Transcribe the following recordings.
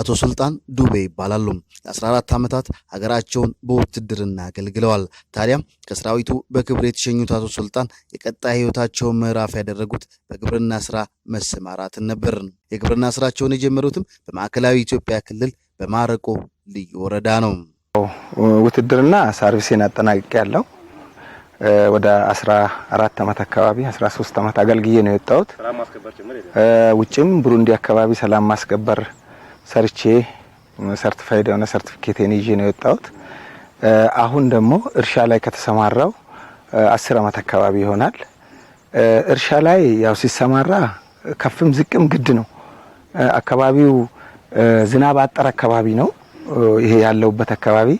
አቶ ሱልጣን ዱቤ ይባላሉ። ለ14 ዓመታት ሀገራቸውን በውትድርና አገልግለዋል። ታዲያም ከሰራዊቱ በክብር የተሸኙት አቶ ሱልጣን የቀጣይ ህይወታቸውን ምዕራፍ ያደረጉት በግብርና ስራ መሰማራትን ነበር። የግብርና ስራቸውን የጀመሩትም በማዕከላዊ ኢትዮጵያ ክልል በማረቆ ልዩ ወረዳ ነው። ውትድርና ሰርቪሴን አጠናቅቄ ያለው ወደ 14 ዓመት አካባቢ 13 ዓመት አገልግዬ ነው የወጣሁት። ውጭም ብሩንዲ አካባቢ ሰላም ማስከበር ሰርቼ ሰርቲፋይድ የሆነ ሰርቲፊኬቴን ይዤ ነው የወጣሁት። አሁን ደግሞ እርሻ ላይ ከተሰማራው አስር አመት አካባቢ ይሆናል። እርሻ ላይ ያው ሲሰማራ ከፍም ዝቅም ግድ ነው። አካባቢው ዝናብ አጠር አካባቢ ነው ይሄ ያለውበት አካባቢ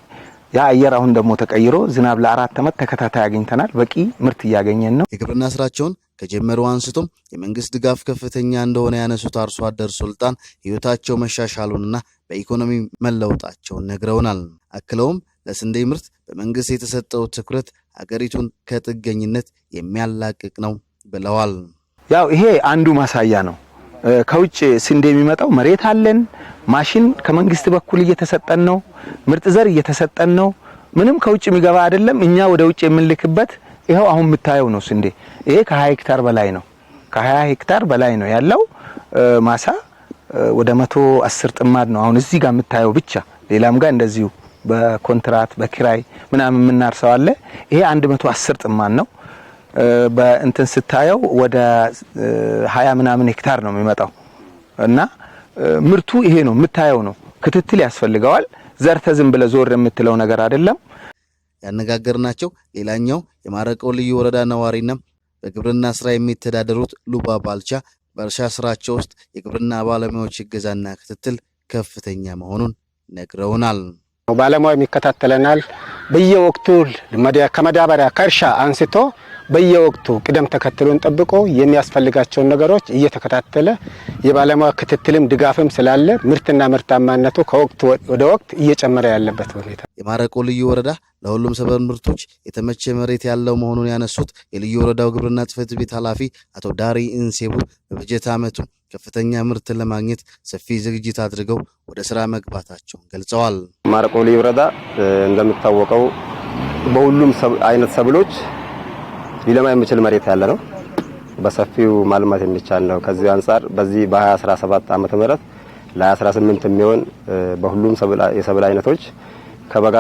ያ አየር አሁን ደግሞ ተቀይሮ ዝናብ ለአራት ዓመት ተከታታይ አግኝተናል። በቂ ምርት እያገኘን ነው። የግብርና ስራቸውን ከጀመሩ አንስቶም የመንግስት ድጋፍ ከፍተኛ እንደሆነ ያነሱት አርሶ አደር ሱልጣን ህይወታቸው መሻሻሉንና በኢኮኖሚ መለወጣቸውን ነግረውናል። አክለውም ለስንዴ ምርት በመንግስት የተሰጠው ትኩረት አገሪቱን ከጥገኝነት የሚያላቅቅ ነው ብለዋል። ያው ይሄ አንዱ ማሳያ ነው። ከውጭ ስንዴ የሚመጣው መሬት አለን፣ ማሽን ከመንግስት በኩል እየተሰጠን ነው፣ ምርጥ ዘር እየተሰጠን ነው። ምንም ከውጭ የሚገባ አይደለም። እኛ ወደ ውጭ የምንልክበት ይኸው አሁን የምታየው ነው ስንዴ። ይሄ ከ ሄክታር በላይ ነው፣ ከ20 ሄክታር በላይ ነው ያለው ማሳ ወደ መቶ አስር ጥማድ ነው አሁን እዚህ ጋር የምታየው ብቻ። ሌላም ጋር እንደዚሁ በኮንትራት በኪራይ ምናምን የምናርሰው አለ። ይሄ አንድ መቶ አስር ጥማድ ነው። በእንትን ስታየው ወደ ሀያ ምናምን ሄክታር ነው የሚመጣው እና ምርቱ ይሄ ነው የምታየው ነው። ክትትል ያስፈልገዋል። ዘርተ ዝም ብለ ዞር የምትለው ነገር አይደለም። ያነጋገርናቸው ሌላኛው የማረቀው ልዩ ወረዳ ነዋሪና በግብርና ስራ የሚተዳደሩት ሉባ ባልቻ በእርሻ ስራቸው ውስጥ የግብርና ባለሙያዎች እገዛና ክትትል ከፍተኛ መሆኑን ነግረውናል። ባለሙያ የሚከታተለናል በየወቅቱ ከመዳበሪያ ከእርሻ አንስቶ በየወቅቱ ቅደም ተከትሎን ጠብቆ የሚያስፈልጋቸውን ነገሮች እየተከታተለ የባለሙያ ክትትልም ድጋፍም ስላለ ምርትና ምርታማነቱ ከወቅት ወደ ወቅት እየጨመረ ያለበት ሁኔታ። የማረቆ ልዩ ወረዳ ለሁሉም ሰብል ምርቶች የተመቸ መሬት ያለው መሆኑን ያነሱት የልዩ ወረዳው ግብርና ጽሕፈት ቤት ኃላፊ አቶ ዳሪ ኢንሴቡ በበጀት ዓመቱ ከፍተኛ ምርት ለማግኘት ሰፊ ዝግጅት አድርገው ወደ ስራ መግባታቸውን ገልጸዋል። ማረቆ ልዩ ወረዳ እንደሚታወቀው በሁሉም አይነት ሰብሎች ሊለማ የሚችል መሬት ያለ ነው። በሰፊው ማልማት የሚቻል ነው። ከዚህ አንጻር በዚህ በ2017 ዓመተ ምህረት ለ2018 የሚሆን በሁሉም የሰብል አይነቶች ከበጋ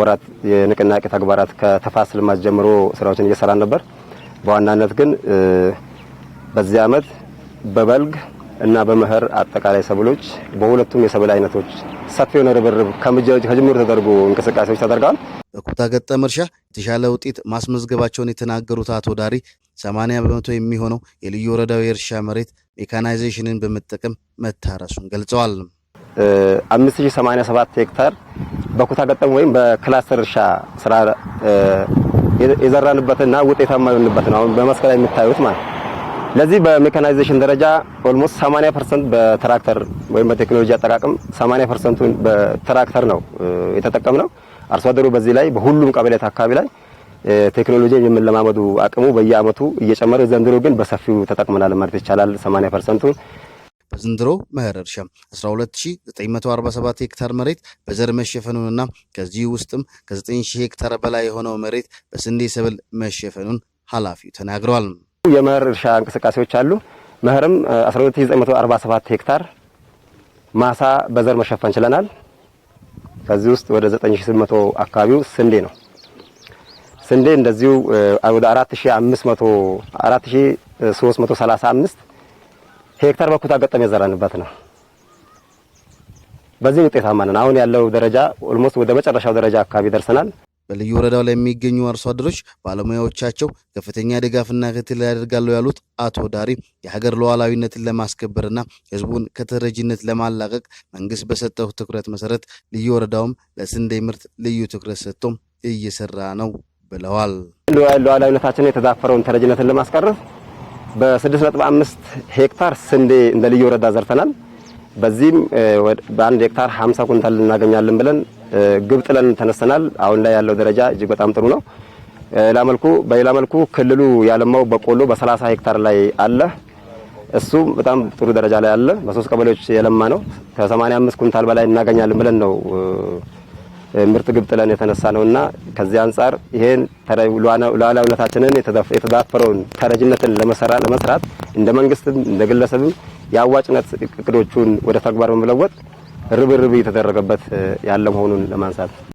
ወራት የንቅናቄ ተግባራት ከተፋስ ልማት ጀምሮ ስራዎችን እየሰራን ነበር። በዋናነት ግን በዚህ አመት በበልግ እና በመኸር አጠቃላይ ሰብሎች በሁለቱም የሰብል አይነቶች ሰፊ የሆነ ርብርብ ከጅምር ተደርጎ እንቅስቃሴዎች ተደርገዋል። በኩታ ገጠም እርሻ የተሻለ ውጤት ማስመዝገባቸውን የተናገሩት አቶ ዳሪ 80 በመቶ የሚሆነው የልዩ ወረዳው የእርሻ መሬት ሜካናይዜሽንን በመጠቀም መታረሱን ገልጸዋል። 5087 ሄክታር በኩታ ገጠም ወይም በክላስተር እርሻ ስራ የዘራንበትና ውጤታማ የሆንበት ነው። አሁን በመስክ ላይ የምታዩት ማለት ነው። ለዚህ በሜካናይዜሽን ደረጃ ኦልሞስት 80% በትራክተር ወይም በቴክኖሎጂ አጠቃቀም ፐርሰንቱን በትራክተር ነው የተጠቀምነው። አርሶ አደሩ በዚህ ላይ በሁሉም ቀበሌት አካባቢ ላይ ቴክኖሎጂ የመለማመዱ አቅሙ በየአመቱ እየጨመረ ዘንድሮ ግን በሰፊው ተጠቅመናል ማለት ይቻላል 80%ቱን በዘንድሮ መኸር እርሻ 12947 ሄክታር መሬት በዘር መሸፈኑንና ከዚህ ውስጥም ከ9000 ሄክታር በላይ የሆነው መሬት በስንዴ ሰብል መሸፈኑን ኃላፊው ተናግረዋል። የመኸር እርሻ እንቅስቃሴዎች አሉ። መኸርም 12947 ሄክታር ማሳ በዘር መሸፈን ችለናል። ከዚህ ውስጥ ወደ 9800 አካባቢው ስንዴ ነው። ስንዴ እንደዚሁ ወደ 4500 4335 ሄክታር በኩታ ገጠም የዘራንበት ነው። በዚህ ውጤታማ ነን። አሁን ያለው ደረጃ ኦልሞስት ወደ መጨረሻው ደረጃ አካባቢ ደርሰናል። በልዩ ወረዳው ላይ የሚገኙ አርሶ አደሮች ባለሙያዎቻቸው ከፍተኛ ድጋፍና ክትል ያደርጋሉ ያሉት አቶ ዳሪ የሀገር ሉዓላዊነትን ለማስከበርና ሕዝቡን ከተረጂነት ለማላቀቅ መንግስት በሰጠው ትኩረት መሰረት ልዩ ወረዳውም ለስንዴ ምርት ልዩ ትኩረት ሰጥቶም እየሰራ ነው ብለዋል። ሉዓላዊነታችንን የተዛፈረውን ተረጂነትን ለማስቀረፍ በ6.5 ሄክታር ስንዴ እንደ ልዩ ወረዳ ዘርተናል። በዚህም በአንድ ሄክታር 50 ኩንታል እናገኛለን ብለን ግብ ጥለን ተነስተናል። አሁን ላይ ያለው ደረጃ እጅግ በጣም ጥሩ ነው። ሌላ መልኩ በሌላ መልኩ ክልሉ ያለማው በቆሎ በ30 ሄክታር ላይ አለ። እሱ በጣም ጥሩ ደረጃ ላይ አለ። በሶስት ቀበሌዎች የለማ ነው። ከ85 ኩንታል በላይ እናገኛለን ብለን ነው ምርት ግብ ጥለን የተነሳ ነውና ከዚህ አንጻር ይሄን ሉዓላዊነታችንን የተዳፈረውን ተረጅነትን ለመስራት እንደ መንግስትም እንደ ግለሰብም የአዋጭነት እቅዶቹን ወደ ተግባር በመለወጥ ርብርብ እየተደረገበት ያለ መሆኑን ለማንሳት